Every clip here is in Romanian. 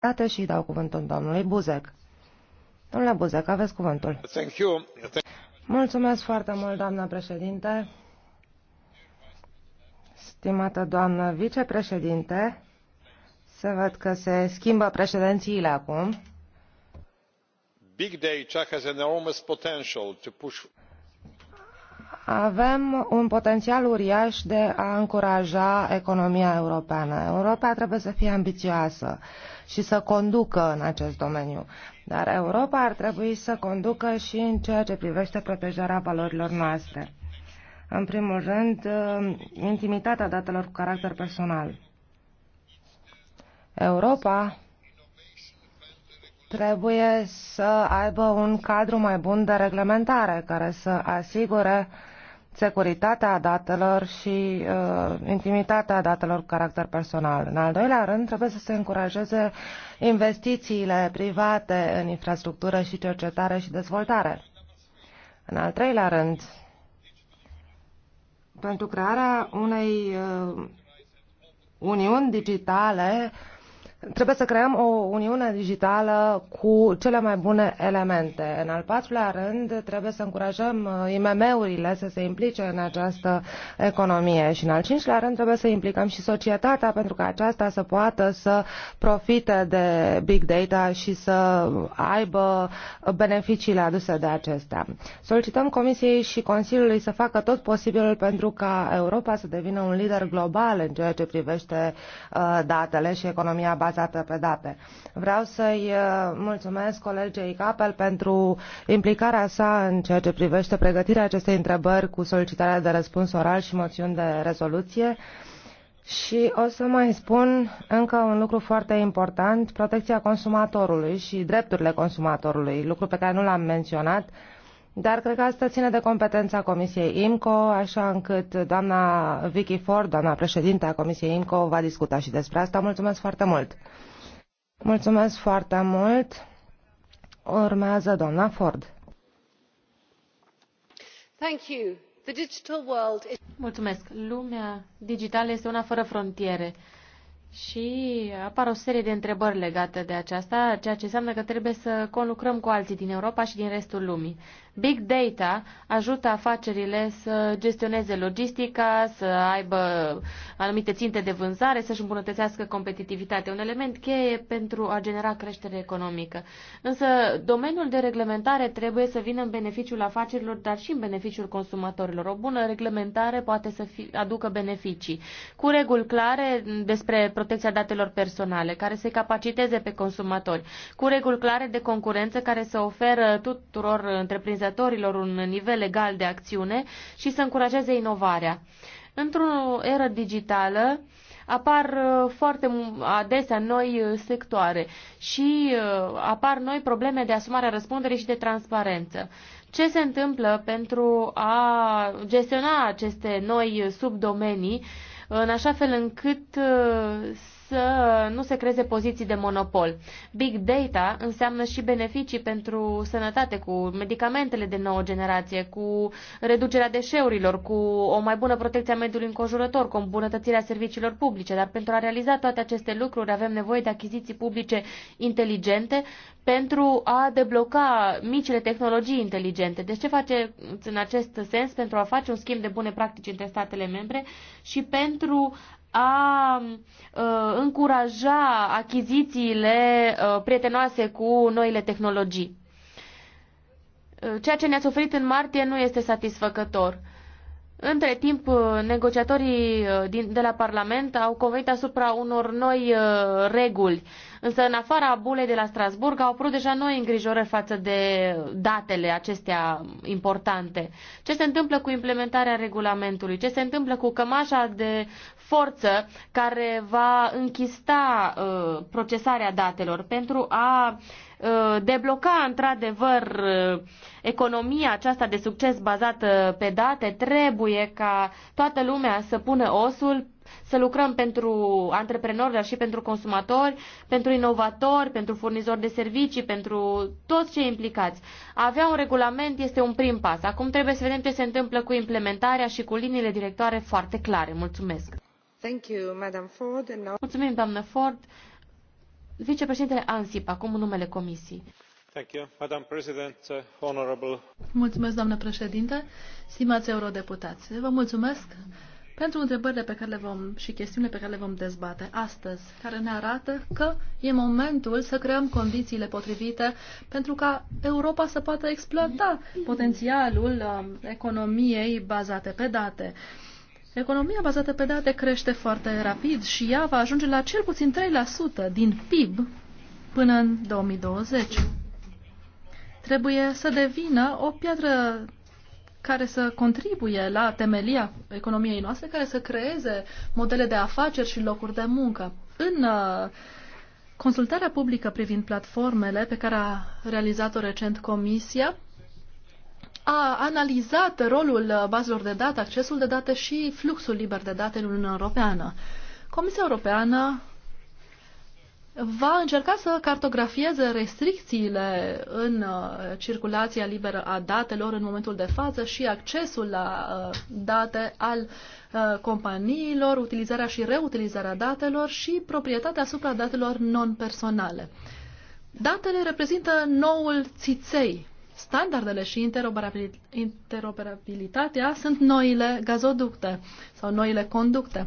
date și dau cuvântul domnului Buzek. Domnule Buzek, aveți cuvântul. Thank you. Mulțumesc foarte mult, doamnă președinte. Stimată doamnă vicepreședinte, se văd că se schimbă președințiile acum. Big data has enormous potential to push avem un potențial uriaș de a încuraja economia europeană. Europa trebuie să fie ambițioasă și să conducă în acest domeniu. Dar Europa ar trebui să conducă și în ceea ce privește protejarea valorilor noastre. În primul rând, intimitatea datelor cu caracter personal. Europa trebuie să aibă un cadru mai bun de reglementare care să asigure securitatea datelor și uh, intimitatea datelor cu caracter personal. În al doilea rând, trebuie să se încurajeze investițiile private în infrastructură și cercetare și dezvoltare. În al treilea rând, pentru crearea unei uh, uniuni digitale uh, Trebuie să creăm o uniune digitală cu cele mai bune elemente. În al patrulea rând, trebuie să încurajăm uh, IMM-urile să se implice în această economie și în al cincilea rând trebuie să implicăm și societatea pentru că aceasta să poată să profite de big data și să aibă beneficiile aduse de acestea. Solicităm Comisiei și Consiliului să facă tot posibilul pentru ca Europa să devină un lider global în ceea ce privește uh, datele și economia bazată bazată pe date. Vreau să-i uh, mulțumesc colegei Capel pentru implicarea sa în ceea ce privește pregătirea acestei întrebări cu solicitarea de răspuns oral și moțiuni de rezoluție. Și o să mai spun încă un lucru foarte important, protecția consumatorului și drepturile consumatorului, lucru pe care nu l-am menționat, dar cred că asta ține de competența Comisiei IMCO, așa încât doamna Vicky Ford, doamna președinte a Comisiei IMCO, va discuta și despre asta. Mulțumesc foarte mult! Mulțumesc foarte mult! Urmează doamna Ford. Thank you. The digital world is... Mulțumesc! Lumea digitală este una fără frontiere. Și apar o serie de întrebări legate de aceasta, ceea ce înseamnă că trebuie să conlucrăm cu alții din Europa și din restul lumii. Big data ajută afacerile să gestioneze logistica, să aibă anumite ținte de vânzare, să-și îmbunătățească competitivitatea, un element cheie pentru a genera creștere economică. Însă domeniul de reglementare trebuie să vină în beneficiul afacerilor, dar și în beneficiul consumatorilor. O bună reglementare poate să fi, aducă beneficii, cu reguli clare despre protecția datelor personale, care să capaciteze pe consumatori, cu reguli clare de concurență care să oferă tuturor întreprinzătorilor utilizatorilor un nivel legal de acțiune și să încurajeze inovarea. Într-o eră digitală apar uh, foarte adesea noi uh, sectoare și uh, apar noi probleme de asumare a răspunderii și de transparență. Ce se întâmplă pentru a gestiona aceste noi subdomenii în așa fel încât să nu se creeze poziții de monopol. Big data înseamnă și beneficii pentru sănătate, cu medicamentele de nouă generație, cu reducerea deșeurilor, cu o mai bună protecție a mediului înconjurător, cu îmbunătățirea serviciilor publice. Dar pentru a realiza toate aceste lucruri avem nevoie de achiziții publice inteligente pentru a debloca micile tehnologii inteligente. Deci ce face în acest sens pentru a face un schimb de bune practici între statele membre și pentru a uh, încuraja achizițiile uh, prietenoase cu noile tehnologii. Uh, ceea ce ne-ați oferit în martie nu este satisfăcător. Între timp, uh, negociatorii uh, din, de la Parlament au convenit asupra unor noi uh, reguli, însă în afara bulei de la Strasburg au apărut deja noi îngrijorări față de datele acestea importante. Ce se întâmplă cu implementarea regulamentului? Ce se întâmplă cu cămașa de forță care va închista uh, procesarea datelor pentru a uh, debloca într-adevăr uh, economia aceasta de succes bazată pe date, trebuie ca toată lumea să pună osul să lucrăm pentru antreprenori, dar și pentru consumatori, pentru inovatori, pentru furnizori de servicii, pentru toți cei implicați. avea un regulament este un prim pas. Acum trebuie să vedem ce se întâmplă cu implementarea și cu liniile directoare foarte clare. Mulțumesc! Mulțumim, doamnă Ford. Vicepreședintele ANSIP, acum în numele Comisiei. Uh, mulțumesc, doamnă președinte, stimați eurodeputați. Vă mulțumesc pentru întrebările pe care le vom și chestiunile pe care le vom dezbate astăzi, care ne arată că e momentul să creăm condițiile potrivite pentru ca Europa să poată exploata potențialul um, economiei bazate pe date. Economia bazată pe date crește foarte rapid și ea va ajunge la cel puțin 3% din PIB până în 2020. Trebuie să devină o piatră care să contribuie la temelia economiei noastre, care să creeze modele de afaceri și locuri de muncă. În uh, consultarea publică privind platformele pe care a realizat-o recent Comisia, a analizat rolul uh, bazelor de date, accesul de date și fluxul liber de date în Uniunea Europeană. Comisia Europeană va încerca să cartografieze restricțiile în uh, circulația liberă a datelor în momentul de față și accesul la uh, date al companiilor, utilizarea și reutilizarea datelor și proprietatea asupra datelor non-personale. Datele reprezintă noul țiței standardele și interoperabilitatea sunt noile gazoducte sau noile conducte.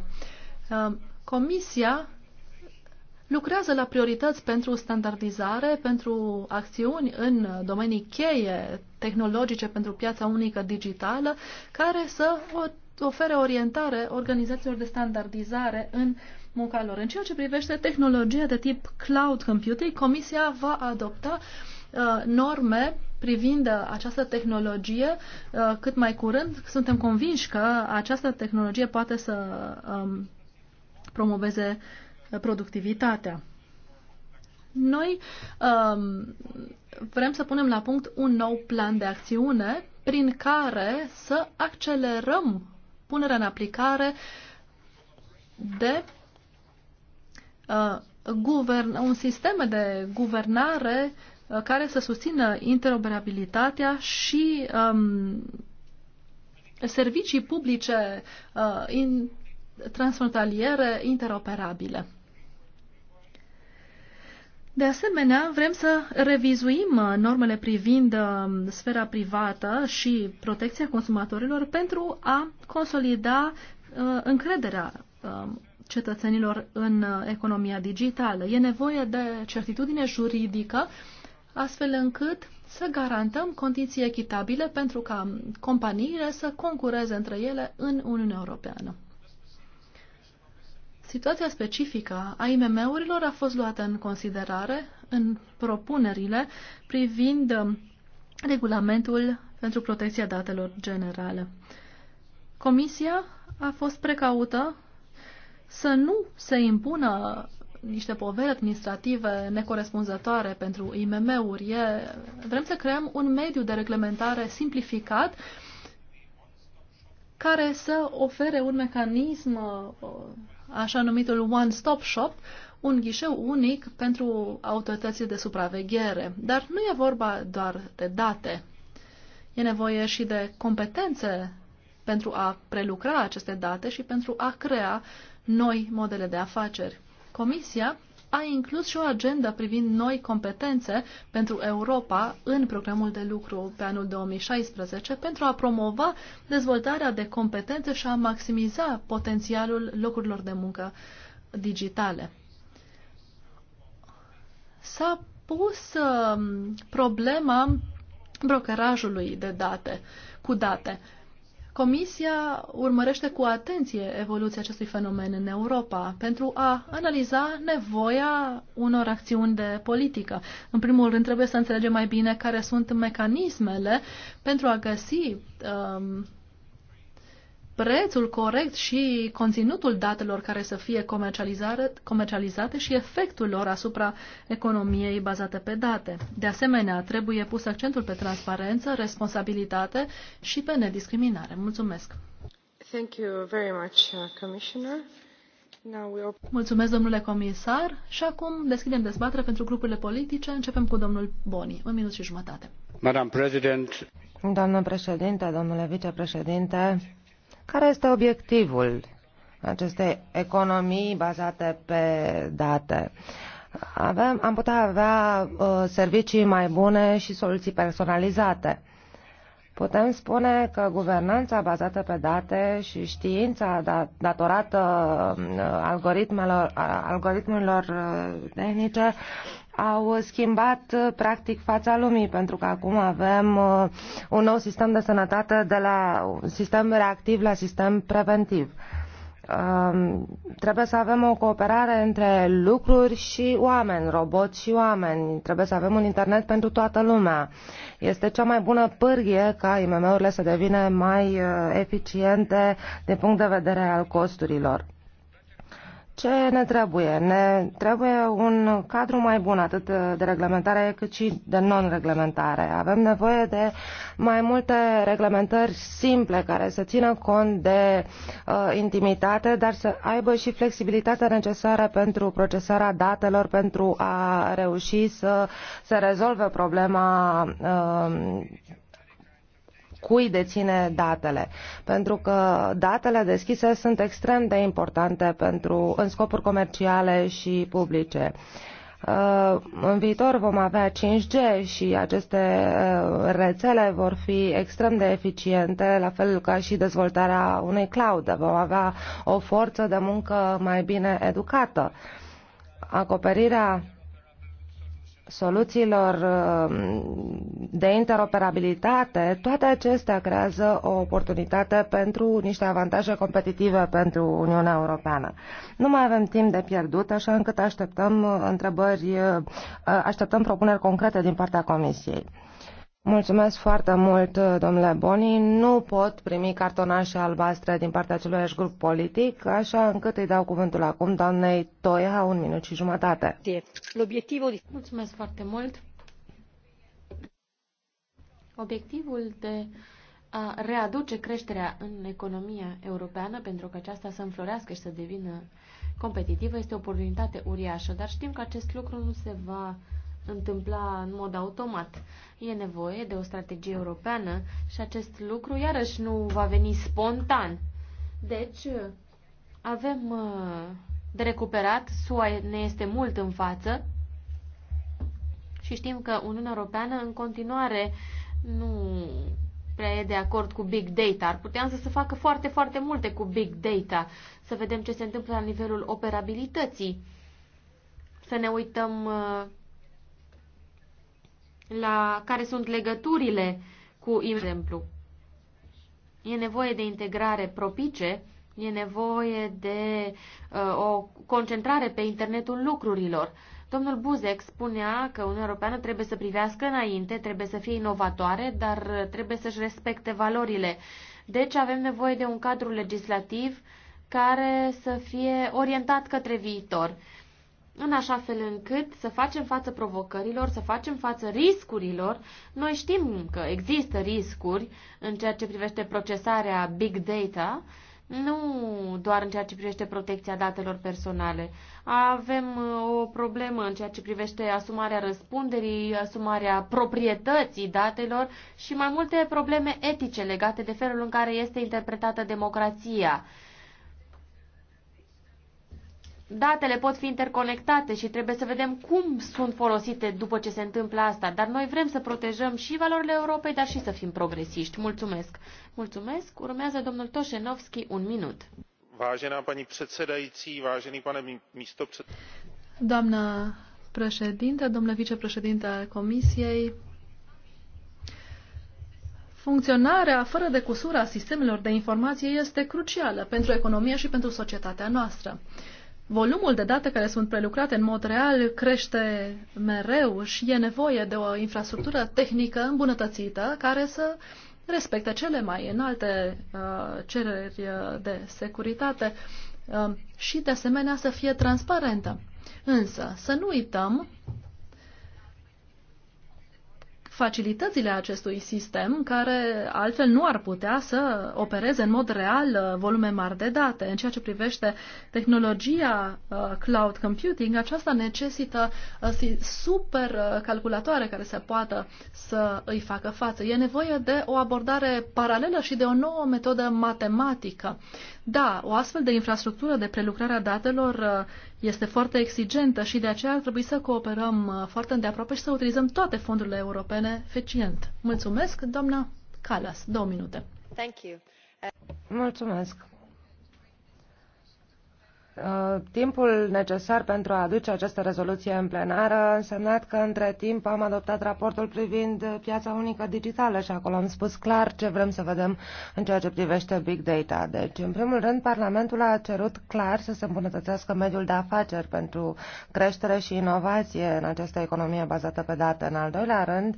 Um, Comisia lucrează la priorități pentru standardizare, pentru acțiuni în domenii cheie tehnologice pentru piața unică digitală, care să ofere orientare organizațiilor de standardizare în munca lor. În ceea ce privește tehnologia de tip cloud computing, Comisia va adopta uh, norme privind această tehnologie uh, cât mai curând. Suntem convinși că această tehnologie poate să um, promoveze uh, productivitatea. Noi um, vrem să punem la punct un nou plan de acțiune prin care să accelerăm punerea în aplicare de uh, guvern, un sistem de guvernare Uh, care să susțină interoperabilitatea și um, servicii publice uh, in, transfrontaliere interoperabile. De asemenea, vrem să revizuim uh, normele privind um, sfera privată și protecția consumatorilor pentru a consolida uh, încrederea um, cetățenilor în economia digitală. E nevoie de certitudine juridică astfel încât să garantăm condiții echitabile pentru ca companiile să concureze între ele în Uniunea Europeană. Situația specifică a IMM-urilor a fost luată în considerare în propunerile privind um, regulamentul pentru protecția datelor generale. Comisia a fost precaută să nu se impună niște poveri administrative necorespunzătoare pentru IMM-uri. vrem să creăm un mediu de reglementare simplificat care să ofere un mecanism, uh, așa numitul one-stop shop, un ghișeu unic pentru autoritățile de supraveghere. Dar nu e vorba doar de date. E nevoie și de competențe pentru a prelucra aceste date și pentru a crea noi modele de afaceri. Comisia a inclus și o agendă privind noi competențe pentru Europa în programul de lucru pe anul 2016 pentru a promova dezvoltarea de competențe și a maximiza potențialul locurilor de muncă digitale. S-a pus um, problema brokerajului de date cu date. Comisia urmărește cu atenție evoluția acestui fenomen în Europa pentru a analiza nevoia unor acțiuni de politică. În primul rând, trebuie să înțelegem mai bine care sunt mecanismele pentru a găsi um, prețul corect și conținutul datelor care să fie comercializate și efectul lor asupra economiei bazate pe date. De asemenea, trebuie pus accentul pe transparență, responsabilitate și pe nediscriminare. Mulțumesc! Thank you very much, uh, Commissioner. Now we open... Mulțumesc, domnule comisar. Și acum deschidem dezbaterea pentru grupurile politice. Începem cu domnul Boni. Un minut și jumătate. Madam President. Doamnă președinte, domnule vicepreședinte, care este obiectivul acestei economii bazate pe date? Avem, am putea avea uh, servicii mai bune și soluții personalizate. Putem spune că guvernanța bazată pe date și știința da, datorată uh, algoritmelor, algoritmelor uh, tehnice au schimbat uh, practic fața lumii, pentru că acum avem uh, un nou sistem de sănătate de la sistem reactiv la sistem preventiv um, trebuie să avem o cooperare între lucruri și oameni, roboți și oameni. Trebuie să avem un internet pentru toată lumea. Este cea mai bună pârghie ca IMM-urile să devină mai uh, eficiente din punct de vedere al costurilor. Ce ne trebuie? Ne trebuie un cadru mai bun, atât de reglementare cât și de non-reglementare. Avem nevoie de mai multe reglementări simple care să țină cont de uh, intimitate, dar să aibă și flexibilitatea necesară pentru procesarea datelor, pentru a reuși să se rezolve problema uh, cui deține datele, pentru că datele deschise sunt extrem de importante pentru, în scopuri comerciale și publice. Uh, în viitor vom avea 5G și aceste uh, rețele vor fi extrem de eficiente, la fel ca și dezvoltarea unei cloud. Vom avea o forță de muncă mai bine educată. Acoperirea soluțiilor uh, de interoperabilitate, toate acestea creează o oportunitate pentru niște avantaje competitive pentru Uniunea Europeană. Nu mai avem timp de pierdut, așa încât așteptăm uh, întrebări, uh, așteptăm propuneri concrete din partea Comisiei. Mulțumesc foarte mult, uh, domnule Boni. Nu pot primi cartonașe albastre din partea aceluiași grup politic, așa încât îi dau cuvântul acum doamnei Toia, un minut și jumătate. Mulțumesc foarte mult. Obiectivul de a readuce creșterea în economia europeană pentru că aceasta să înflorească și să devină competitivă este o oportunitate uriașă, dar știm că acest lucru nu se va întâmpla în mod automat. E nevoie de o strategie europeană și acest lucru iarăși nu va veni spontan. Deci, avem uh, de recuperat, SUA ne este mult în față și știm că Uniunea Europeană în continuare nu prea e de acord cu big data. Ar putea să se facă foarte, foarte multe cu big data, să vedem ce se întâmplă la nivelul operabilității, să ne uităm uh, la care sunt legăturile cu, exemplu, e nevoie de integrare propice, e nevoie de uh, o concentrare pe internetul lucrurilor. Domnul Buzek spunea că Uniunea Europeană trebuie să privească înainte, trebuie să fie inovatoare, dar trebuie să-și respecte valorile. Deci avem nevoie de un cadru legislativ care să fie orientat către viitor în așa fel încât să facem față provocărilor, să facem față riscurilor. Noi știm că există riscuri în ceea ce privește procesarea big data, nu doar în ceea ce privește protecția datelor personale. Avem uh, o problemă în ceea ce privește asumarea răspunderii, asumarea proprietății datelor și mai multe probleme etice legate de felul în care este interpretată democrația datele pot fi interconectate și trebuie să vedem cum sunt folosite după ce se întâmplă asta. Dar noi vrem să protejăm și valorile Europei, dar și să fim progresiști. Mulțumesc! Mulțumesc! Urmează domnul Toșenovski un minut. Vážená paní předsedající, vážený pane místopředsedo. Doamna președinte, domnule vicepreședinte al Comisiei, Funcționarea fără de cusura sistemelor de informație este crucială pentru economia și pentru societatea noastră. Volumul de date care sunt prelucrate în mod real crește mereu și e nevoie de o infrastructură tehnică îmbunătățită care să respecte cele mai înalte uh, cereri uh, de securitate uh, și, de asemenea, să fie transparentă. Însă, să nu uităm facilitățile acestui sistem, care altfel nu ar putea să opereze în mod real uh, volume mari de date. În ceea ce privește tehnologia uh, cloud computing, aceasta necesită uh, super calculatoare care se poată să îi facă față. E nevoie de o abordare paralelă și de o nouă metodă matematică. Da, o astfel de infrastructură de prelucrare a datelor uh, este foarte exigentă și de aceea ar trebui să cooperăm uh, foarte îndeaproape și să utilizăm toate fondurile europene eficient. Mulțumesc, doamna Calas. Două minute. Thank you. Mulțumesc. Uh, timpul necesar pentru a aduce această rezoluție în plenară a însemnat că între timp am adoptat raportul privind piața unică digitală și acolo am spus clar ce vrem să vedem în ceea ce privește big data. Deci, în primul rând, Parlamentul a cerut clar să se îmbunătățească mediul de afaceri pentru creștere și inovație în această economie bazată pe date. În al doilea rând,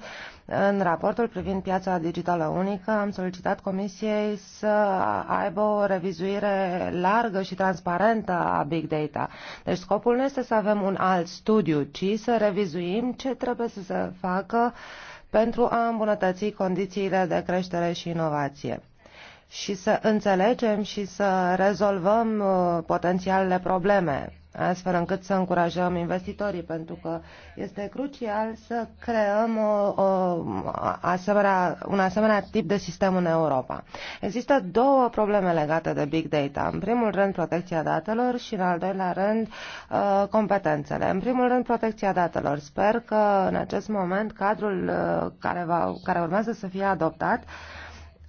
în raportul privind piața digitală unică, am solicitat Comisiei să aibă o revizuire largă și transparentă a Big Data. Deci scopul nu este să avem un alt studiu, ci să revizuim ce trebuie să se facă pentru a îmbunătăți condițiile de creștere și inovație și să înțelegem și să rezolvăm uh, potențialele probleme astfel încât să încurajăm investitorii, pentru că este crucial să creăm o, o asemenea, un asemenea tip de sistem în Europa. Există două probleme legate de big data. În primul rând, protecția datelor și, în al doilea rând, uh, competențele. În primul rând, protecția datelor. Sper că, în acest moment, cadrul uh, care, va, care urmează să fie adoptat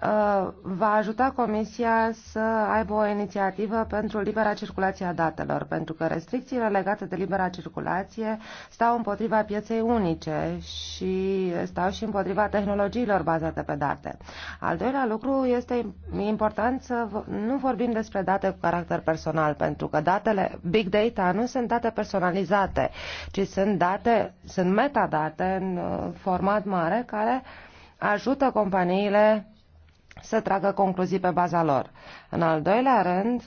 Uh, va ajuta Comisia să aibă o inițiativă pentru libera circulație a datelor, pentru că restricțiile legate de libera circulație stau împotriva pieței unice și stau și împotriva tehnologiilor bazate pe date. Al doilea lucru este important să nu vorbim despre date cu caracter personal, pentru că datele big data nu sunt date personalizate, ci sunt date, sunt metadate în uh, format mare care ajută companiile să tragă concluzii pe baza lor. În al doilea rând,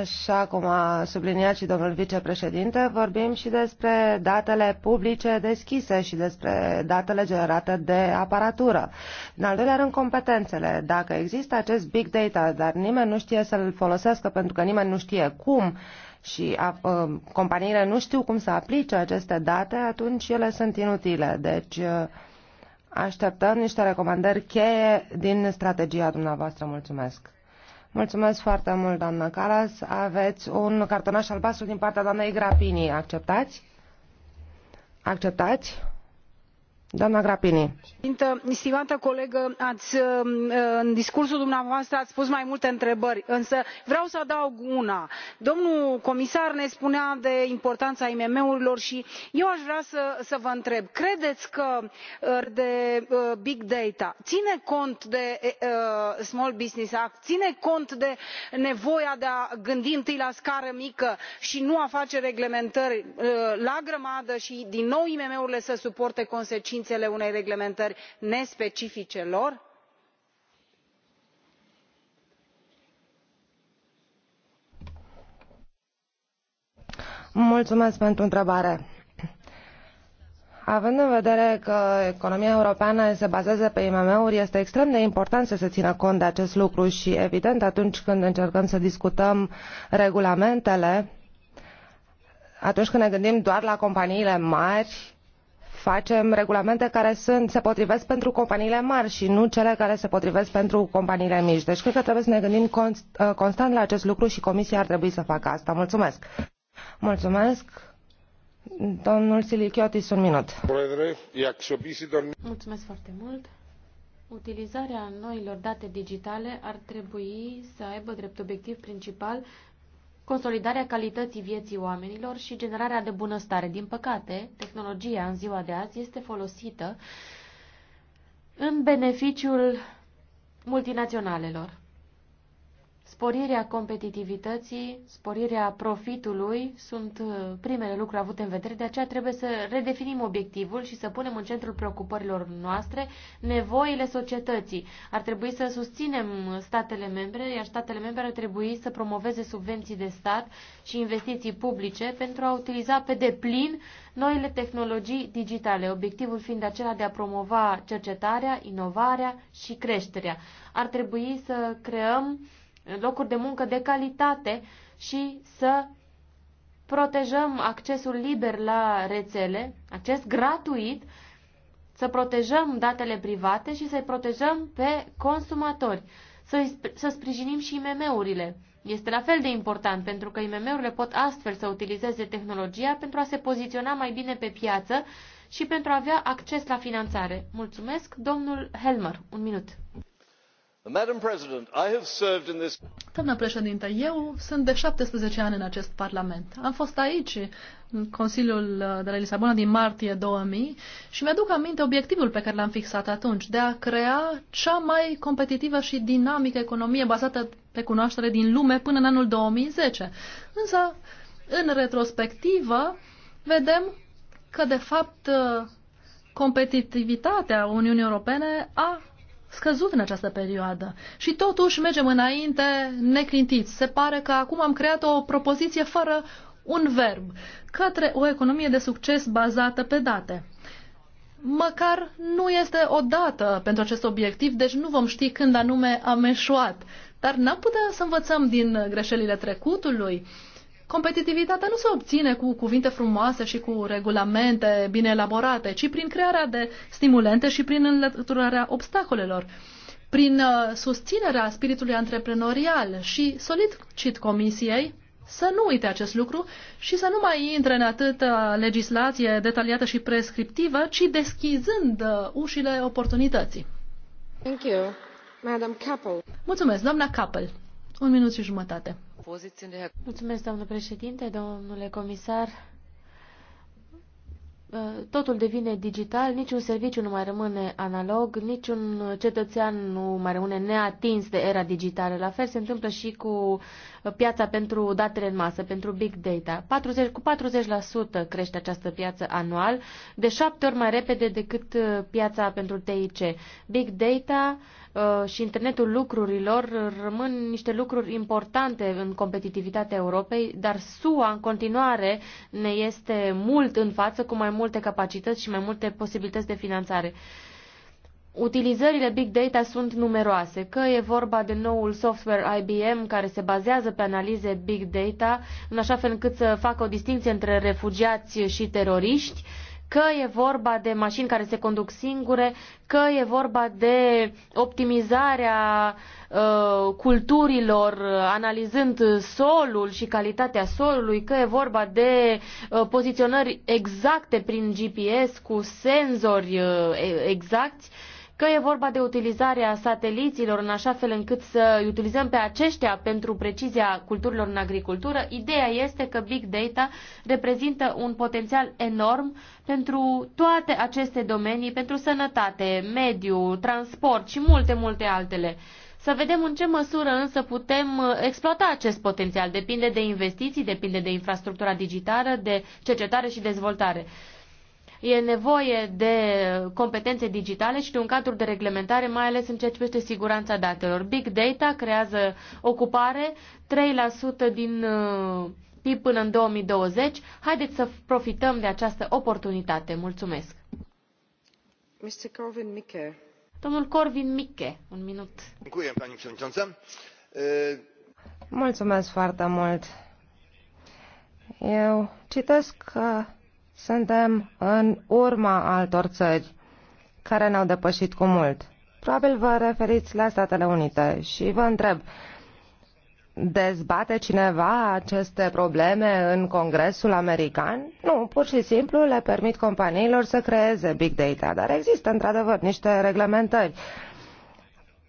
Așa cum a subliniat și domnul vicepreședinte, vorbim și despre datele publice deschise și despre datele generate de aparatură. În al doilea rând, competențele. Dacă există acest big data, dar nimeni nu știe să-l folosească pentru că nimeni nu știe cum și a, a, ă, companiile nu știu cum să aplice aceste date, atunci ele sunt inutile. Deci, a, ă, Așteptăm niște recomandări cheie din strategia dumneavoastră. Mulțumesc! Mulțumesc foarte mult, doamnă Caras. Aveți un cartonaș albastru din partea doamnei Grapini. Acceptați? Acceptați? doamnă Grapini. Stimată colegă, ați, în discursul dumneavoastră ați pus mai multe întrebări, însă vreau să adaug una. Domnul comisar ne spunea de importanța IMM-urilor și eu aș vrea să, să vă întreb, credeți că uh, de uh, big data ține cont de uh, Small Business Act, ține cont de nevoia de a gândi întâi la scară mică și nu a face reglementări la grămadă și din nou IMM-urile să suporte consecințele? consecințele unei reglementări nespecifice lor? Mulțumesc pentru întrebare. Având în vedere că economia europeană se bazează pe IMM-uri, este extrem de important să se țină cont de acest lucru și, evident, atunci când încercăm să discutăm regulamentele, atunci când ne gândim doar la companiile mari, facem regulamente care sunt, se potrivesc pentru companiile mari și nu cele care se potrivesc pentru companiile mici. Deci cred că trebuie să ne gândim const, uh, constant la acest lucru și Comisia ar trebui să facă asta. Mulțumesc! Mulțumesc! Domnul Silichiotis, un minut. Mulțumesc foarte mult! Utilizarea noilor date digitale ar trebui să aibă drept obiectiv principal consolidarea calității vieții oamenilor și generarea de bunăstare. Din păcate, tehnologia în ziua de azi este folosită în beneficiul multinaționalelor. Sporirea competitivității, sporirea profitului sunt uh, primele lucruri avute în vedere, de aceea trebuie să redefinim obiectivul și să punem în centrul preocupărilor noastre nevoile societății. Ar trebui să susținem statele membre, iar statele membre ar trebui să promoveze subvenții de stat și investiții publice pentru a utiliza pe deplin noile tehnologii digitale, obiectivul fiind acela de a promova cercetarea, inovarea și creșterea. Ar trebui să creăm locuri de muncă de calitate și să protejăm accesul liber la rețele, acces gratuit, să protejăm datele private și să-i protejăm pe consumatori, să, să sprijinim și IMM-urile. Este la fel de important pentru că IMM-urile pot astfel să utilizeze tehnologia pentru a se poziționa mai bine pe piață și pentru a avea acces la finanțare. Mulțumesc, domnul Helmer. Un minut. Doamnă președintă, eu sunt de 17 ani în acest Parlament. Am fost aici, în Consiliul de la Lisabona din martie 2000 și mi-aduc aminte obiectivul pe care l-am fixat atunci, de a crea cea mai competitivă și dinamică economie bazată pe cunoaștere din lume până în anul 2010. Însă, în retrospectivă, vedem că, de fapt, competitivitatea Uniunii Europene a scăzut în această perioadă și totuși mergem înainte neclintiți. Se pare că acum am creat o propoziție fără un verb către o economie de succes bazată pe date. Măcar nu este o dată pentru acest obiectiv, deci nu vom ști când anume am eșuat. Dar n-am putea să învățăm din greșelile trecutului. Uh, Competitivitatea nu se obține cu cuvinte frumoase și cu regulamente bine elaborate, ci prin crearea de stimulente și prin înlăturarea obstacolelor prin uh, susținerea spiritului antreprenorial și solicit comisiei să nu uite acest lucru și să nu mai intre în atât legislație detaliată și prescriptivă, ci deschizând uh, ușile oportunității. Thank you. Madam Mulțumesc, doamna Capel. Un minut și jumătate. Mulțumesc, doamnă președinte, domnule comisar. Ă, totul devine digital, niciun serviciu nu mai rămâne analog, niciun cetățean nu mai rămâne neatins de era digitală. La fel se întâmplă și cu piața pentru datele în masă, pentru big data. 40, cu 40% crește această piață anual, de șapte ori mai repede decât ă, piața pentru TIC. Big data uh, Uh, și internetul lucrurilor rămân niște lucruri importante în competitivitatea Europei, dar SUA în continuare ne este mult în față cu mai multe capacități și mai multe posibilități de finanțare. Utilizările big data sunt numeroase, că e vorba de noul software IBM care se bazează pe analize big data, în așa fel încât să facă o distinție între refugiați și teroriști, că e vorba de mașini care se conduc singure, că e vorba de optimizarea uh, culturilor, analizând solul și calitatea solului, că e vorba de uh, poziționări exacte prin GPS cu senzori uh, exacti. Uh, că e vorba de utilizarea sateliților în așa fel încât să utilizăm pe aceștia pentru precizia culturilor în agricultură, ideea este că big data reprezintă un potențial enorm pentru toate aceste domenii, pentru sănătate, mediu, transport și multe, multe altele. Să vedem în ce măsură însă putem uh, exploata acest potențial. Depinde de investiții, depinde de infrastructura digitală, de cercetare și dezvoltare. E nevoie de competențe digitale și de un cadru de reglementare, mai ales în ceea ce privește siguranța datelor. Big data creează ocupare 3% din uh, PIB până în 2020. Haideți să profităm de această oportunitate. Mulțumesc! Mr. Corvin Mikke. Domnul Corvin Mikke, un minut. Mulțumesc foarte mult. Eu citesc uh, suntem în urma altor țări care ne-au depășit cu mult. Probabil vă referiți la Statele Unite și vă întreb, dezbate cineva aceste probleme în Congresul American? Nu, pur și simplu le permit companiilor să creeze big data, dar există într-adevăr niște reglementări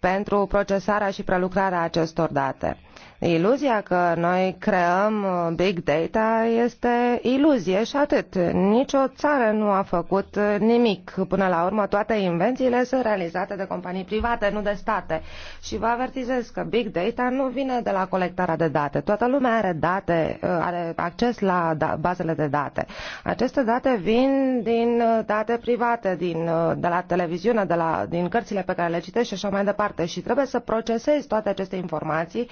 pentru procesarea și prelucrarea acestor date. Iluzia că noi creăm uh, big data este iluzie și atât. Nicio țară nu a făcut uh, nimic. Până la urmă, toate invențiile sunt realizate de companii private, nu de state. Și vă avertizez că big data nu vine de la colectarea de date. Toată lumea are date, uh, are acces la da, bazele de date. Aceste date vin din date private, din, de la televiziune, de la, din cărțile pe care le citești și așa mai departe. Și trebuie să procesezi toate aceste informații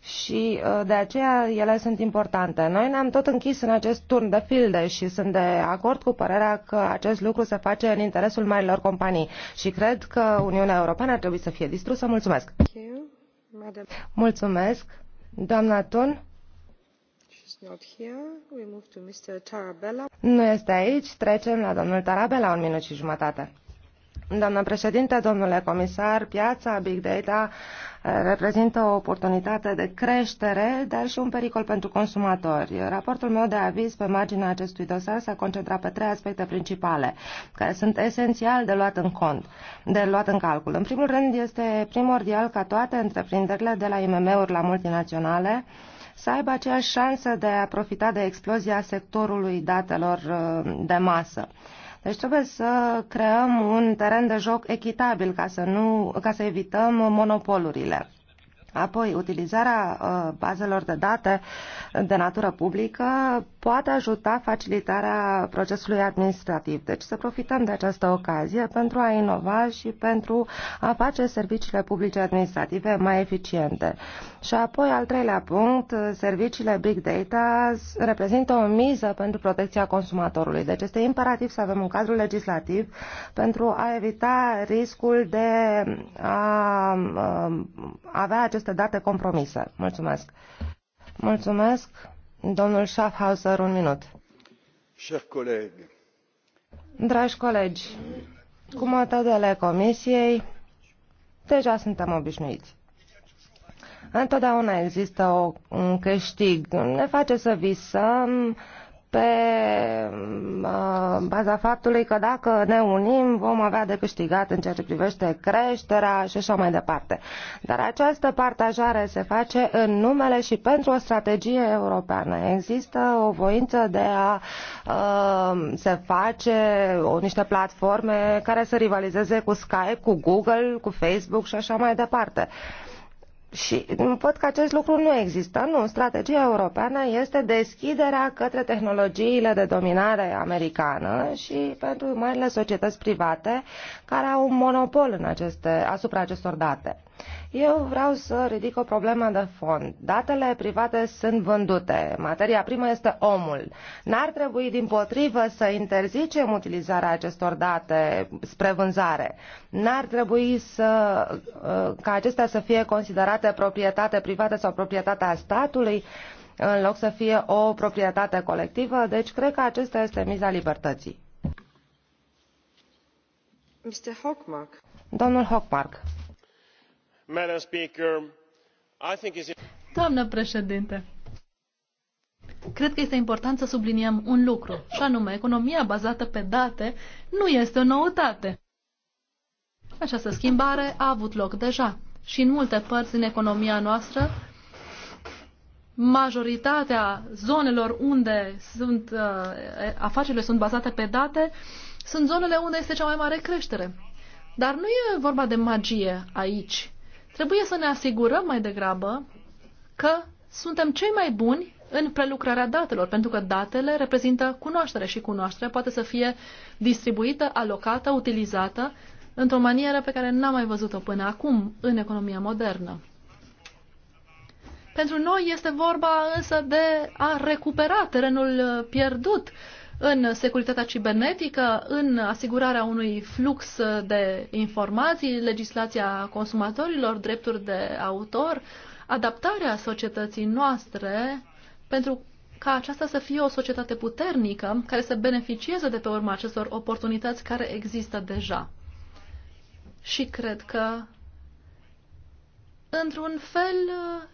și uh, de aceea ele sunt importante. Noi ne-am tot închis în acest turn de filde și sunt de acord cu părerea că acest lucru se face în interesul marilor companii și cred că Uniunea Europeană ar trebui să fie distrusă. Mulțumesc! Mulțumesc! Doamna Tun? Nu este aici. Trecem la domnul Tarabella, un minut și jumătate. Doamna președinte, domnule comisar, piața Big Data eh, reprezintă o oportunitate de creștere, dar și un pericol pentru consumatori. Raportul meu de aviz pe marginea acestui dosar s-a concentrat pe trei aspecte principale, care sunt esențial de luat în cont, de luat în calcul. În primul rând, este primordial ca toate întreprinderile de la IMM-uri la multinaționale să aibă aceeași șansă de a profita de explozia sectorului datelor eh, de masă. Deci trebuie să creăm un teren de joc echitabil ca să, nu, ca să evităm monopolurile. Apoi, utilizarea uh, bazelor de date de natură publică poate ajuta facilitarea procesului administrativ. Deci să profităm de această ocazie pentru a inova și pentru a face serviciile publice administrative mai eficiente. Și apoi, al treilea punct, uh, serviciile Big Data reprezintă o miză pentru protecția consumatorului. Deci este imperativ să avem un cadru legislativ pentru a evita riscul de a uh, avea acest aceste date compromise. Mulțumesc. Mulțumesc. Domnul Schaffhauser, un minut. Dragi colegi, cu metodele Comisiei, deja suntem obișnuiți. Întotdeauna există o, un câștig. Ne face să visăm, pe uh, baza faptului că dacă ne unim vom avea de câștigat în ceea ce privește creșterea și așa mai departe. Dar această partajare se face în numele și pentru o strategie europeană. Există o voință de a uh, se face o, niște platforme care să rivalizeze cu Skype, cu Google, cu Facebook și așa mai departe. Uh, și văd că acest lucru nu există. Nu, strategia europeană este deschiderea către tehnologiile de dominare americană și pentru marile societăți private care au un monopol în aceste, asupra acestor date. Eu vreau să ridic o problemă de fond. Datele private sunt vândute. Materia primă este omul. N-ar trebui, din potrivă, să interzicem utilizarea acestor date spre vânzare. N-ar trebui să, uh, ca acestea să fie considerate proprietate privată sau proprietatea statului în loc să fie o proprietate colectivă. Deci cred că acesta este miza libertății. Mr. Hockmark. Domnul Hockmark. Doamnă președinte, cred că este important să subliniem un lucru, și anume, economia bazată pe date nu este o noutate. Această schimbare a avut loc deja și în multe părți din economia noastră, majoritatea zonelor unde sunt, uh, afacerile sunt bazate pe date sunt zonele unde este cea mai mare creștere. Dar nu e vorba de magie aici. Trebuie să ne asigurăm mai degrabă că suntem cei mai buni în prelucrarea datelor, pentru că datele reprezintă cunoaștere și cunoașterea poate să fie distribuită, alocată, utilizată într-o manieră pe care n-am mai văzut-o până acum în economia modernă. Pentru noi este vorba însă de a recupera terenul pierdut în securitatea cibernetică, în asigurarea unui flux de informații, legislația consumatorilor, drepturi de autor, adaptarea societății noastre pentru ca aceasta să fie o societate puternică care să beneficieze de pe urma acestor oportunități care există deja. Și cred că, într-un fel,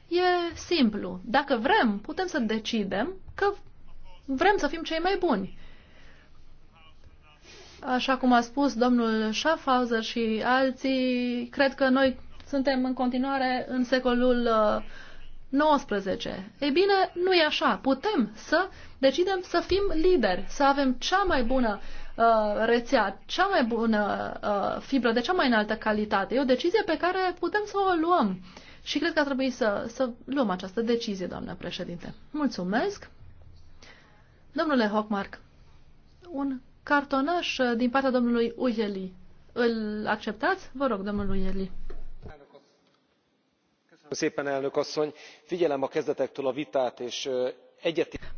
e simplu. Dacă vrem, putem să decidem că Vrem să fim cei mai buni. Așa cum a spus domnul Schaffhauser și alții, cred că noi suntem în continuare în secolul XIX. Uh, Ei bine, nu e așa. Putem să decidem să fim lideri, să avem cea mai bună uh, rețea, cea mai bună uh, fibră de cea mai înaltă calitate. E o decizie pe care putem să o luăm. Și cred că ar trebui să, să luăm această decizie, doamnă președinte. Mulțumesc. Domnule Hockmark, un cartonaș uh, din partea domnului Ujeli. Îl acceptați? Vă rog, domnul Ujeli. Uh,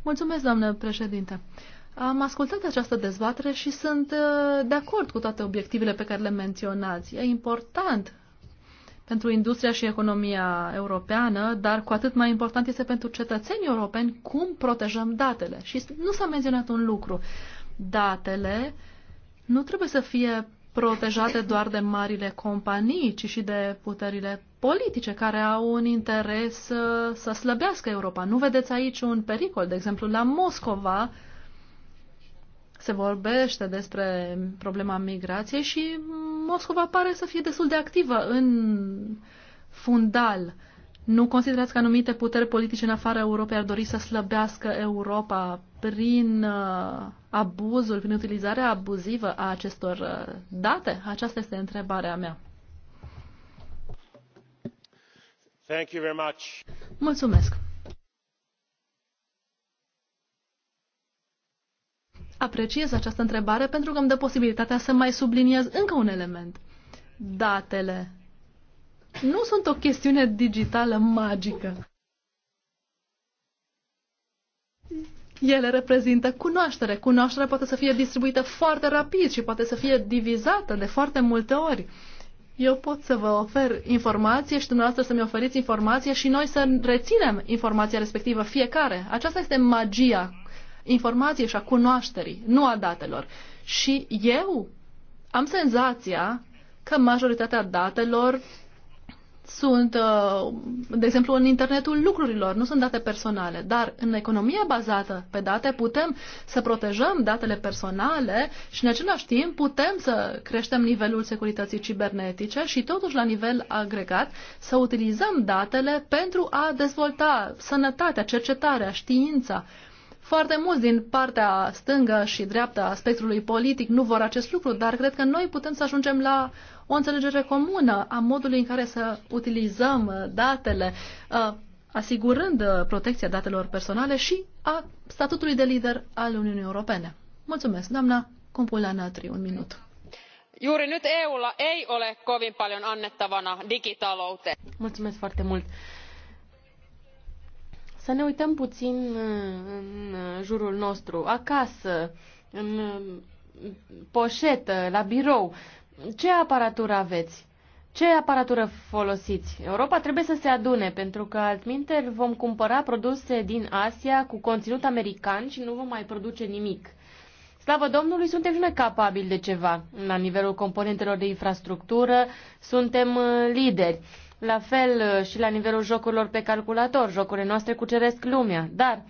Mulțumesc, doamnă președinte. Am ascultat această dezbatere și sunt uh, de acord cu toate obiectivele pe care le menționați. E important pentru industria și economia europeană, dar cu atât mai important este pentru cetățenii europeni cum protejăm datele. Și nu s-a menționat un lucru. Datele nu trebuie să fie protejate doar de marile companii, ci și de puterile politice care au un interes să, să slăbească Europa. Nu vedeți aici un pericol, de exemplu, la Moscova, se vorbește despre problema migrației și Moscova pare să fie destul de activă în fundal. Nu considerați că anumite puteri politice în afara Europei ar dori să slăbească Europa prin uh, abuzul, prin utilizarea abuzivă a acestor uh, date? Aceasta este întrebarea mea. Thank you very much. Mulțumesc. apreciez această întrebare pentru că îmi dă posibilitatea să mai subliniez încă un element. Datele nu sunt o chestiune digitală magică. Ele reprezintă cunoaștere. Cunoașterea poate să fie distribuită foarte rapid și poate să fie divizată de foarte multe ori. Eu pot să vă ofer informație și dumneavoastră să-mi oferiți informație și noi să reținem informația respectivă fiecare. Aceasta este magia informației și a cunoașterii, nu a datelor. Și eu am senzația că majoritatea datelor sunt, uh, de exemplu, în internetul lucrurilor, nu sunt date personale, dar în economia bazată pe date putem să protejăm datele personale și în același timp putem să creștem nivelul securității cibernetice și totuși la nivel agregat să utilizăm datele pentru a dezvolta sănătatea, cercetarea, știința, foarte mulți din partea stângă și dreaptă a spectrului politic nu vor acest lucru, dar cred că noi putem să ajungem la o înțelegere comună a modului în care să utilizăm datele, uh, asigurând protecția datelor personale și a statutului de lider al Uniunii Europene. Mulțumesc, doamna Compula Natri, un minut. Juuri nyt EUlla ei ole kovin paljon annettavana digitalouteen. Mulțumesc foarte mult să ne uităm puțin uh, în uh, jurul nostru, acasă, în uh, poșetă, la birou. Ce aparatură aveți? Ce aparatură folosiți? Europa trebuie să se adune, pentru că altminteri vom cumpăra produse din Asia cu conținut american și nu vom mai produce nimic. Slavă Domnului, suntem și noi capabili de ceva. La nivelul componentelor de infrastructură, suntem lideri la fel uh, și la nivelul jocurilor pe calculator. Jocurile noastre cuceresc lumea, dar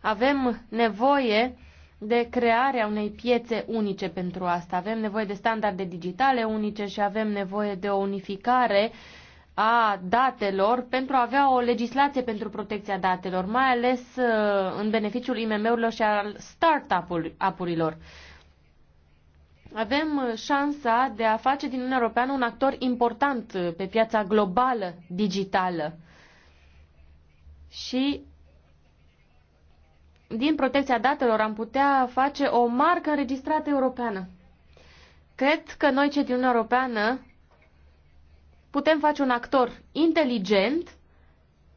avem nevoie de crearea unei piețe unice pentru asta. Avem nevoie de standarde digitale unice și avem nevoie de o unificare a datelor pentru a avea o legislație pentru protecția datelor, mai ales uh, în beneficiul IMM-urilor și al start-up-urilor avem uh, șansa de a face din Uniunea Europeană un actor important uh, pe piața globală digitală. Și din protecția datelor am putea face o marcă înregistrată europeană. Cred că noi, cei din Uniunea Europeană, putem face un actor inteligent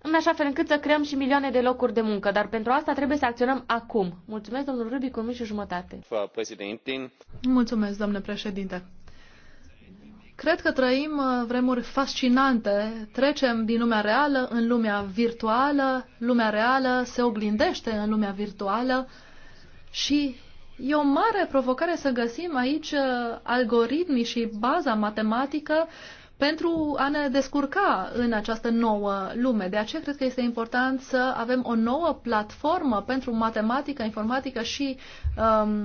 în așa fel încât să creăm și milioane de locuri de muncă, dar pentru asta trebuie să acționăm acum. Mulțumesc, domnul Rubic, cu și jumătate. Mulțumesc, domnule președinte. Cred că trăim uh, vremuri fascinante. Trecem din lumea reală în lumea virtuală, lumea reală se oglindește în lumea virtuală și e o mare provocare să găsim aici uh, algoritmii și baza matematică pentru a ne descurca în această nouă lume. De aceea cred că este important să avem o nouă platformă pentru matematică, informatică și um,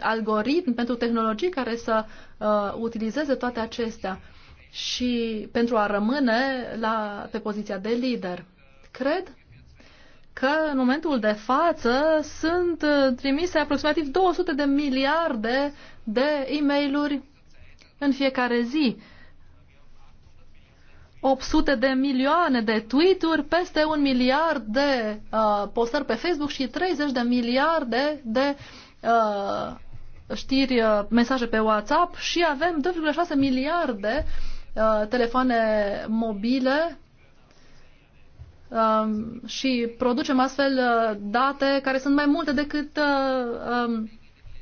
algoritm, pentru tehnologii care să uh, utilizeze toate acestea și pentru a rămâne la, pe poziția de lider. Cred că în momentul de față sunt uh, trimise aproximativ 200 de miliarde de e-mail-uri în fiecare zi. Uh, 800 de milioane de tweet-uri, peste un miliard de uh, postări pe Facebook și 30 de miliarde de uh, știri, uh, mesaje pe WhatsApp și avem 2,6 miliarde uh, telefoane mobile um, și producem astfel uh, date care sunt mai multe decât uh, um,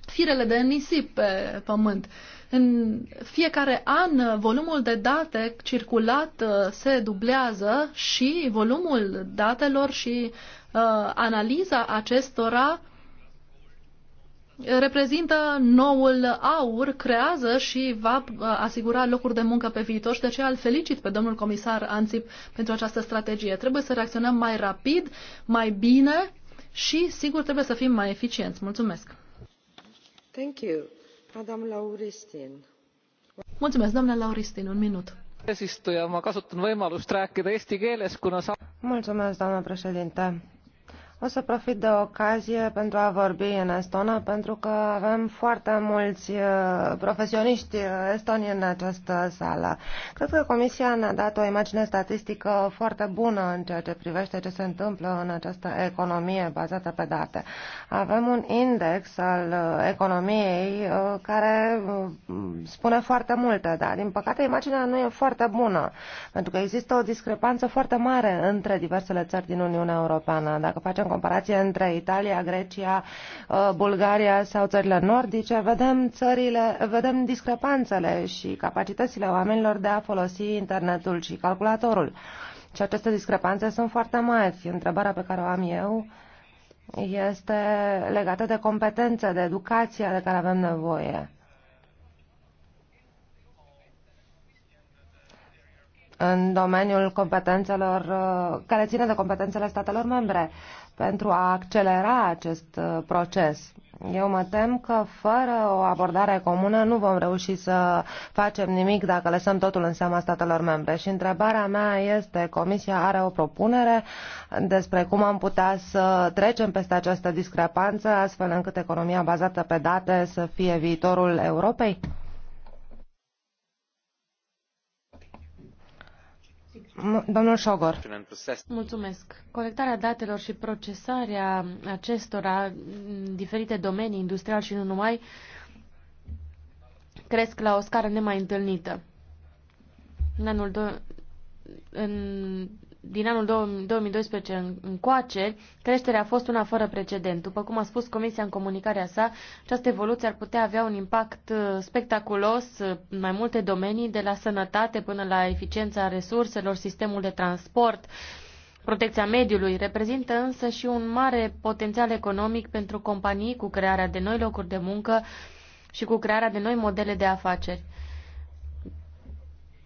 firele de nisip pe pământ. Uh, în fiecare an, volumul de date circulat uh, se dublează și volumul datelor și uh, analiza acestora reprezintă noul aur, creează și va uh, asigura locuri de muncă pe viitor și de aceea îl felicit pe domnul comisar Anțip pentru această strategie. Trebuie să reacționăm mai rapid, mai bine și, sigur, trebuie să fim mai eficienți. Mulțumesc! Thank you. Mulțumesc, doamna Lauristin, un minut. sa. Mulțumesc, doamna președinte o să profit de ocazie pentru a vorbi în estonă, pentru că avem foarte mulți uh, profesioniști uh, estoni în această sală. Cred că Comisia ne-a dat o imagine statistică foarte bună în ceea ce privește ce se întâmplă în această economie bazată pe date. Avem un index al uh, economiei care spune foarte multe, dar din păcate imaginea nu e foarte bună, pentru că există o discrepanță foarte mare între diversele țări din Uniunea Europeană. Dacă facem în comparație între Italia, Grecia, uh, Bulgaria sau țările nordice, vedem, țările, vedem discrepanțele și capacitățile oamenilor de a folosi internetul și calculatorul. Și aceste discrepanțe sunt foarte mari. Întrebarea pe care o am eu este legată de competențe, de educația de care avem nevoie. în domeniul competențelor uh, care ține de competențele statelor membre pentru a accelera acest uh, proces. Eu mă tem că fără o abordare comună nu vom reuși să facem nimic dacă lăsăm totul în seama statelor membre. Și întrebarea mea este, Comisia are o propunere despre cum am putea să trecem peste această discrepanță, astfel încât economia bazată pe date să fie viitorul Europei? Domnul Șogor. Mulțumesc. Colectarea datelor și procesarea acestora în diferite domenii, industrial și nu numai, cresc la o scară nemai întâlnită. În anul do- în din anul 2012 încoace, creșterea a fost una fără precedent. După cum a spus Comisia în comunicarea sa, această evoluție ar putea avea un impact uh, spectaculos uh, în mai multe domenii, de la sănătate până la eficiența resurselor, sistemul de transport, Protecția mediului reprezintă însă și un mare potențial economic pentru companii cu crearea de noi locuri de muncă și cu crearea de noi modele de afaceri.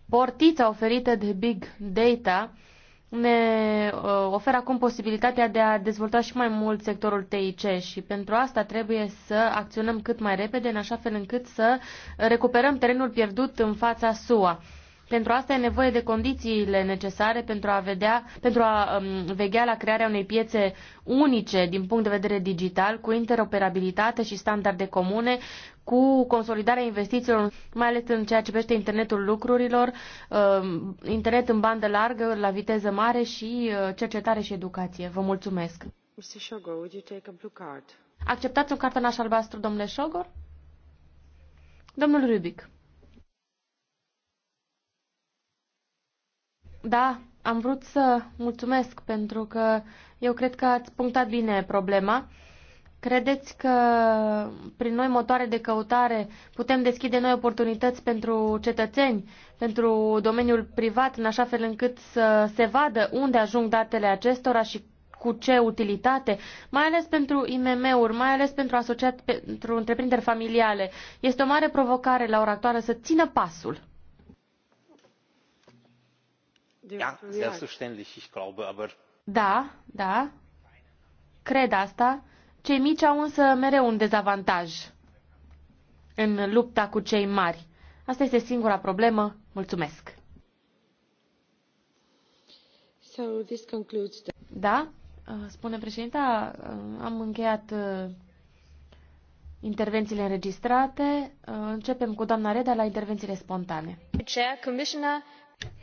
Portița oferită de Big Data ne uh, oferă acum posibilitatea de a dezvolta și mai mult sectorul TIC și pentru asta trebuie să acționăm cât mai repede, în așa fel încât să recuperăm terenul pierdut în fața SUA. Pentru asta e nevoie de condițiile necesare pentru a, vedea, pentru a um, vegea la crearea unei piețe unice din punct de vedere digital, cu interoperabilitate și standarde comune, cu consolidarea investițiilor, mai ales în ceea ce privește internetul lucrurilor, um, internet în bandă largă, la viteză mare și uh, cercetare și educație. Vă mulțumesc! Acceptați o cartonaș albastru, domnule Șogor? Domnul Rubic. Da, am vrut să mulțumesc pentru că eu cred că ați punctat bine problema. Credeți că prin noi motoare de căutare putem deschide noi oportunități pentru cetățeni, pentru domeniul privat, în așa fel încât să se vadă unde ajung datele acestora și cu ce utilitate, mai ales pentru IMM-uri, mai ales pentru, asociat, pentru întreprinderi familiale. Este o mare provocare la ora actuală să țină pasul. Da, da, cred asta. Cei mici au însă mereu un dezavantaj în lupta cu cei mari. Asta este singura problemă. Mulțumesc. So this concludes the... Da, uh, spune președinta, uh, am încheiat uh, intervențiile înregistrate. Începem cu doamna Reda la intervențiile spontane. Chair, Commissioner,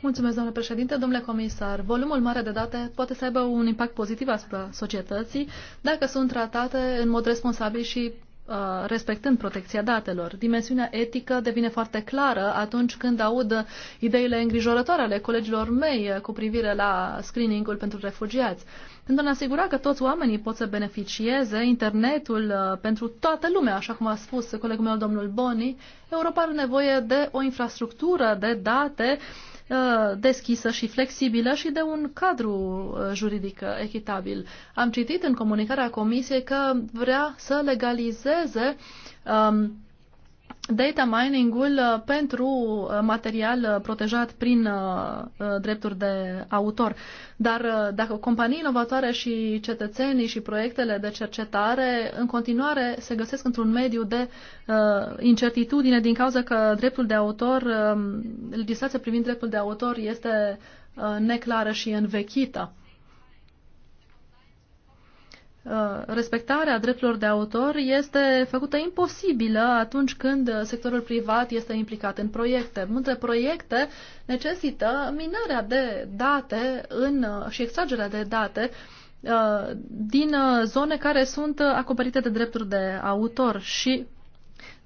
Mulțumesc, domnule președinte, domnule comisar. Volumul mare de date poate să aibă un impact pozitiv asupra societății dacă sunt tratate în mod responsabil și uh, respectând protecția datelor. Dimensiunea etică devine foarte clară atunci când aud ideile îngrijorătoare ale colegilor mei cu privire la screeningul pentru refugiați. Pentru a ne asigura că toți oamenii pot să beneficieze internetul uh, pentru toată lumea, așa cum a spus colegul meu domnul Boni, Europa are nevoie de o infrastructură de date uh, Uh, deschisă și flexibilă și de un cadru uh, juridic uh, echitabil. Am citit în comunicarea Comisiei că vrea să legalizeze um, data mining-ul uh, pentru uh, material uh, protejat prin drepturi de autor. Dar dacă companii inovatoare și cetățenii și proiectele de cercetare în continuare se găsesc într-un mediu de incertitudine din cauza că dreptul de autor, um, legislația privind dreptul de autor este neclară și învechită. Uh, Uh, respectarea drepturilor de autor este făcută imposibilă atunci când sectorul privat este implicat în proiecte. Multe proiecte necesită minarea de date în, uh, și extragerea de date uh, din zone care sunt acoperite de drepturi de autor și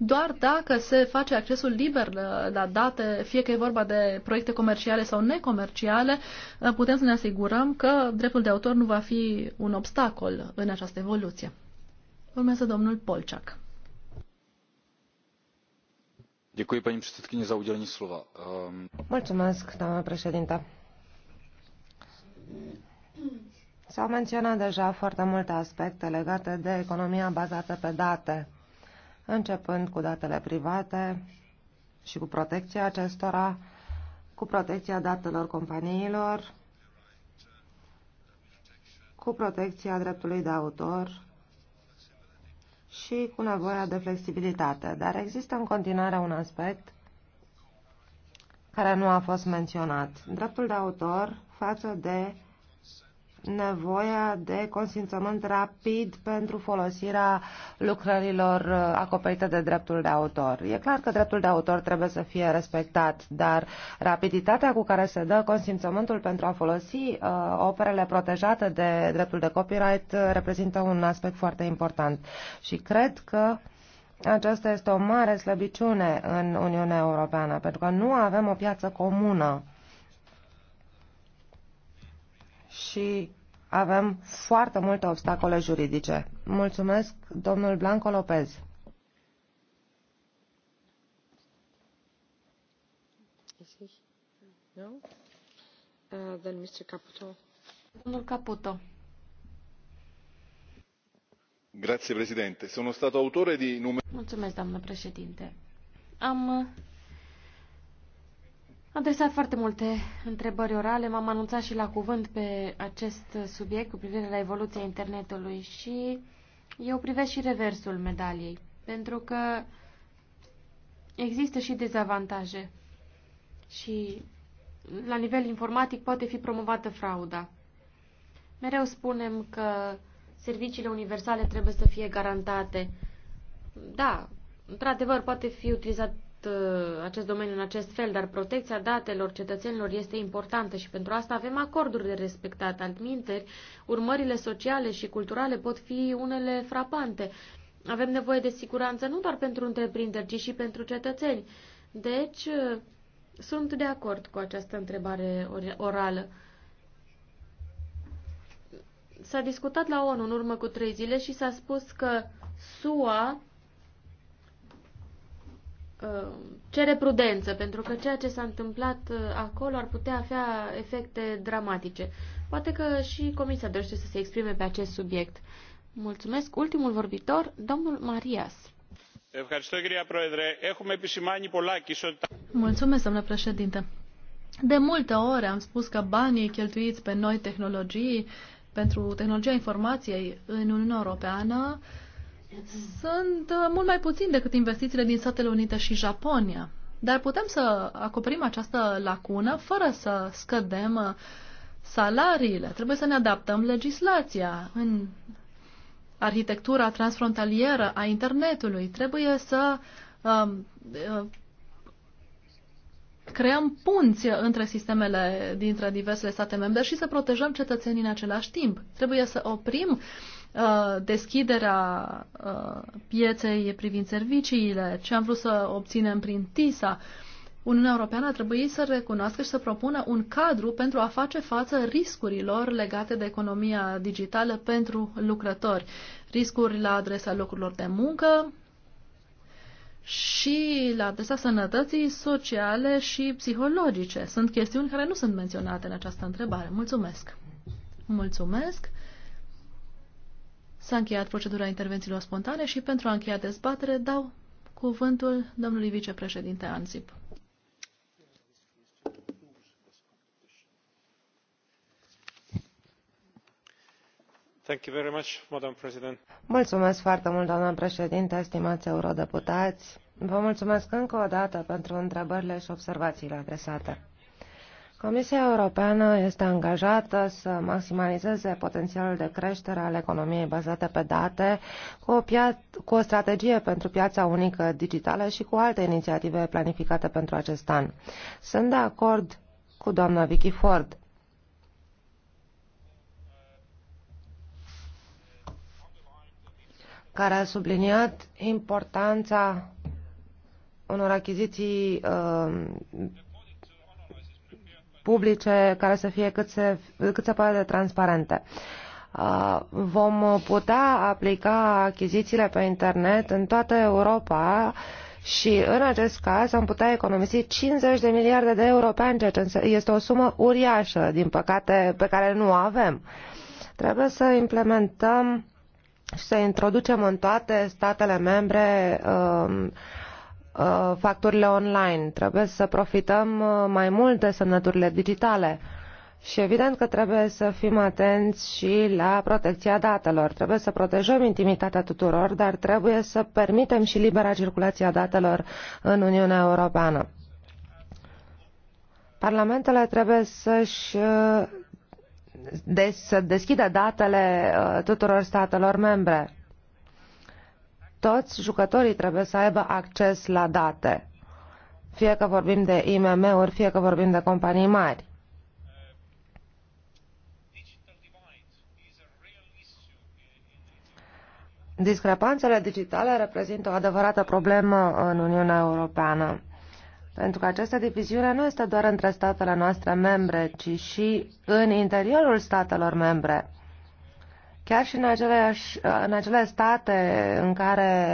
doar dacă se face accesul liber uh, la date, fie că e vorba de proiecte comerciale sau necomerciale, uh, putem să ne asigurăm că dreptul de autor nu va fi un obstacol în această evoluție. Urmează domnul Polciac. Um, Mulțumesc, doamna președinte. S-au menționat deja foarte multe aspecte legate de economia bazată pe date începând cu datele private și cu protecția acestora, cu protecția datelor companiilor, cu protecția dreptului de autor și cu nevoia de flexibilitate. Dar există în continuare un aspect care nu a fost menționat. Dreptul de autor față de nevoia de consimțământ rapid pentru folosirea lucrărilor uh, acoperite de dreptul de autor. E clar că dreptul de autor trebuie să fie respectat, dar rapiditatea cu care se dă consimțământul pentru a folosi uh, operele protejate de dreptul de copyright uh, reprezintă un aspect foarte important. Și cred că aceasta este o mare slăbiciune în Uniunea Europeană, pentru că nu avem o piață comună și avem foarte multe obstacole juridice. Mulțumesc, domnul Blanco Lopez. Uh, domnul Caputo. Grazie, autore di Mulțumesc, doamnă președinte. Am uh, adresat foarte multe întrebări orale, m-am anunțat și la cuvânt pe acest subiect cu privire la evoluția internetului și eu privesc și reversul medaliei, pentru că există și dezavantaje și la nivel informatic poate fi promovată frauda. Mereu spunem că serviciile universale trebuie să fie garantate. Da, într-adevăr, poate fi utilizat Uh, acest domeniu în acest fel, dar protecția datelor cetățenilor este importantă și pentru asta avem acorduri de respectat. Altminteri, urmările sociale și culturale pot fi unele frapante. Avem nevoie de siguranță nu doar pentru întreprinderi, ci și pentru cetățeni. Deci, uh, sunt de acord cu această întrebare orală. S-a discutat la ONU în urmă cu trei zile și s-a spus că SUA Uh, cere prudență, pentru că ceea ce s-a întâmplat uh, acolo ar putea avea efecte dramatice. Poate că și Comisia dorește să se exprime pe acest subiect. Mulțumesc. Ultimul vorbitor, domnul Marias. Mulțumesc, domnule președinte. De multe ori am spus că banii cheltuiți pe noi tehnologii, pentru tehnologia informației în Uniunea Europeană, uh, sunt uh, mult mai puțin decât investițiile din Statele Unite și Japonia. Dar putem să acoperim această lacună fără să scădem uh, salariile. Trebuie să ne adaptăm legislația în arhitectura transfrontalieră a internetului. Trebuie să um, uh, creăm punți între sistemele dintre diversele state membre și să protejăm cetățenii în același timp. Trebuie să oprim uh, Uh, deschiderea uh, pieței privind serviciile, ce am vrut să obținem prin TISA, Uniunea Europeană a trebuit să recunoască și să propună un cadru pentru a face față riscurilor legate de economia digitală pentru lucrători, riscuri la adresa locurilor de muncă și la adresa sănătății sociale și psihologice. Sunt chestiuni care nu sunt menționate în această întrebare. Mulțumesc! Mulțumesc! S-a încheiat procedura intervențiilor spontane și pentru a încheia dezbatere dau cuvântul domnului vicepreședinte Anzip. Mulțumesc foarte mult, doamnă președinte, estimați eurodeputați. Vă mulțumesc încă o dată pentru întrebările și observațiile adresate. Comisia Europeană este angajată să maximalizeze potențialul de creștere al economiei bazate pe date cu o, cu o strategie pentru piața unică digitală și cu alte inițiative planificate pentru acest an. Sunt de acord cu doamna Vicky Ford. care a subliniat importanța unor achiziții uh, publice care să fie cât se, cât se poate de transparente. Uh, vom putea aplica achizițiile pe internet în toată Europa și în acest caz am putea economisi 50 de miliarde de euro pe an, ceea ce este o sumă uriașă, din păcate, pe care nu o avem. Trebuie să implementăm și să introducem în toate statele membre uh, Uh, facturile online. Trebuie să profităm uh, mai mult de semnăturile digitale. Și evident că trebuie să fim atenți și la protecția datelor. Trebuie să protejăm intimitatea tuturor, dar trebuie să permitem și libera circulație a datelor în Uniunea Europeană. Parlamentele trebuie să-și uh, de, să deschidă datele tuturor statelor membre toți jucătorii trebuie să aibă acces la date, fie că vorbim de IMM-uri, fie că vorbim de companii mari. Discrepanțele digitale reprezintă o adevărată problemă în Uniunea Europeană, pentru că această diviziune nu este doar între statele noastre membre, ci și în interiorul statelor membre Chiar și în acele, în acele state în care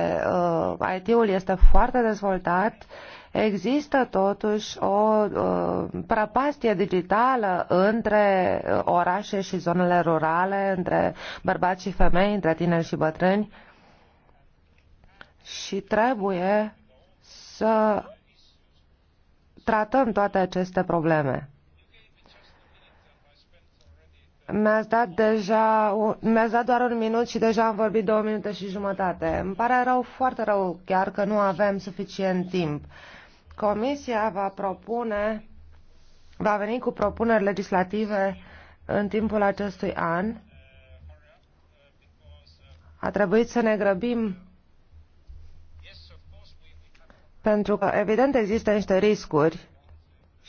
uh, IT-ul este foarte dezvoltat, există totuși o uh, prăpastie digitală între uh, orașe și zonele rurale, între bărbați și femei, între tineri și bătrâni și trebuie să tratăm toate aceste probleme. Mi-ați dat, deja, mi-ați dat doar un minut și deja am vorbit două minute și jumătate. Îmi pare rău, foarte rău chiar că nu avem suficient timp. Comisia va propune, va veni cu propuneri legislative în timpul acestui an. A trebuit să ne grăbim pentru că, evident, există niște riscuri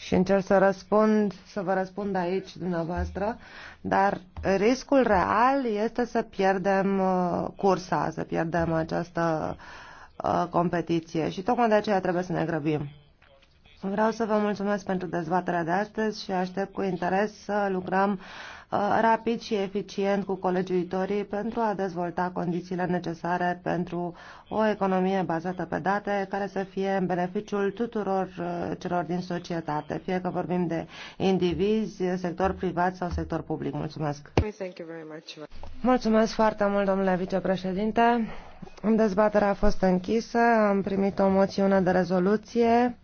și încerc să răspund, să vă răspund aici dumneavoastră, dar riscul real este să pierdem uh, cursa, să pierdem această uh, competiție și tocmai de aceea trebuie să ne grăbim. Vreau să vă mulțumesc pentru dezbaterea de astăzi și aștept cu interes să lucrăm Uh, rapid și eficient cu colegiuitorii pentru a dezvolta condițiile necesare pentru o economie bazată pe date care să fie în beneficiul tuturor uh, celor din societate, fie că vorbim de indivizi, sector privat sau sector public. Mulțumesc! Mulțumesc foarte mult, domnule vicepreședinte! Dezbaterea a fost închisă, am primit o moțiune de rezoluție.